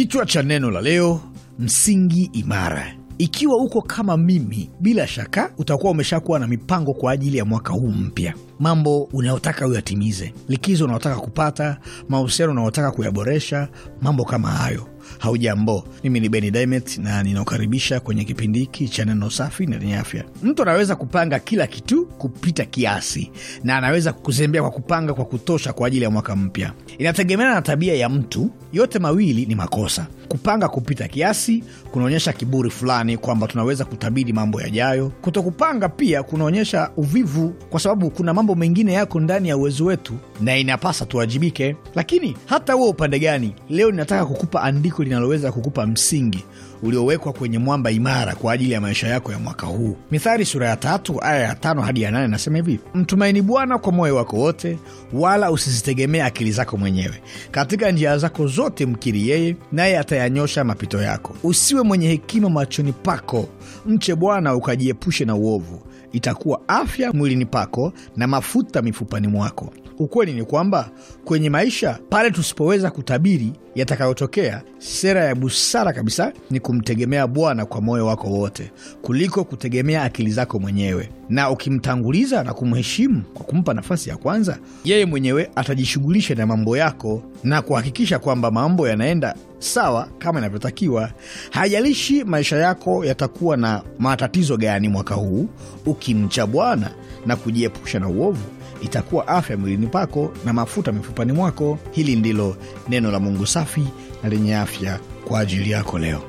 Kichwa cha neno la leo: msingi imara. Ikiwa uko kama mimi, bila shaka utakuwa umeshakuwa na mipango kwa ajili ya mwaka huu mpya, mambo unayotaka uyatimize, likizo unaotaka kupata, mahusiano unaotaka kuyaboresha, mambo kama hayo. Haujambo, mimi ni Beni Dimet na ninaokaribisha kwenye kipindi hiki cha neno safi na lenye afya. Mtu anaweza kupanga kila kitu kupita kiasi na anaweza kuzembea kwa kupanga kwa kutosha kwa ajili ya mwaka mpya. Inategemeana na tabia ya mtu. Yote mawili ni makosa. Kupanga kupita kiasi kunaonyesha kiburi fulani, kwamba tunaweza kutabiri mambo yajayo. Kutokupanga pia kunaonyesha uvivu, kwa sababu kuna mambo mengine yako ndani ya uwezo wetu na inapasa tuwajibike. Lakini hata huo upande gani, leo ninataka kukupa andiko linaloweza kukupa msingi uliowekwa kwenye mwamba imara kwa ajili ya maisha yako ya mwaka huu. mithari sura ya tatu aya ya tano hadi ya nane nasema hivi: mtumaini Bwana kwa moyo wako wote, wala usizitegemea akili zako mwenyewe. Katika njia zako zote mkiri yeye, naye ata yanyosha mapito yako. Usiwe mwenye hekima machoni pako, mche Bwana ukajiepushe na uovu, itakuwa afya mwilini pako na mafuta mifupani mwako. Ukweli ni kwamba kwenye maisha, pale tusipoweza kutabiri yatakayotokea, sera ya busara kabisa ni kumtegemea Bwana kwa moyo wako wote kuliko kutegemea akili zako mwenyewe. Na ukimtanguliza na kumheshimu kwa kumpa nafasi ya kwanza, yeye mwenyewe atajishughulisha na mambo yako na kuhakikisha kwamba mambo yanaenda sawa kama inavyotakiwa. hajalishi maisha yako yatakuwa na matatizo gani mwaka huu, ukimcha Bwana na kujiepusha na uovu, itakuwa afya mwilini pako na mafuta mifupani mwako. Hili ndilo neno la Mungu safi na lenye afya kwa ajili yako leo.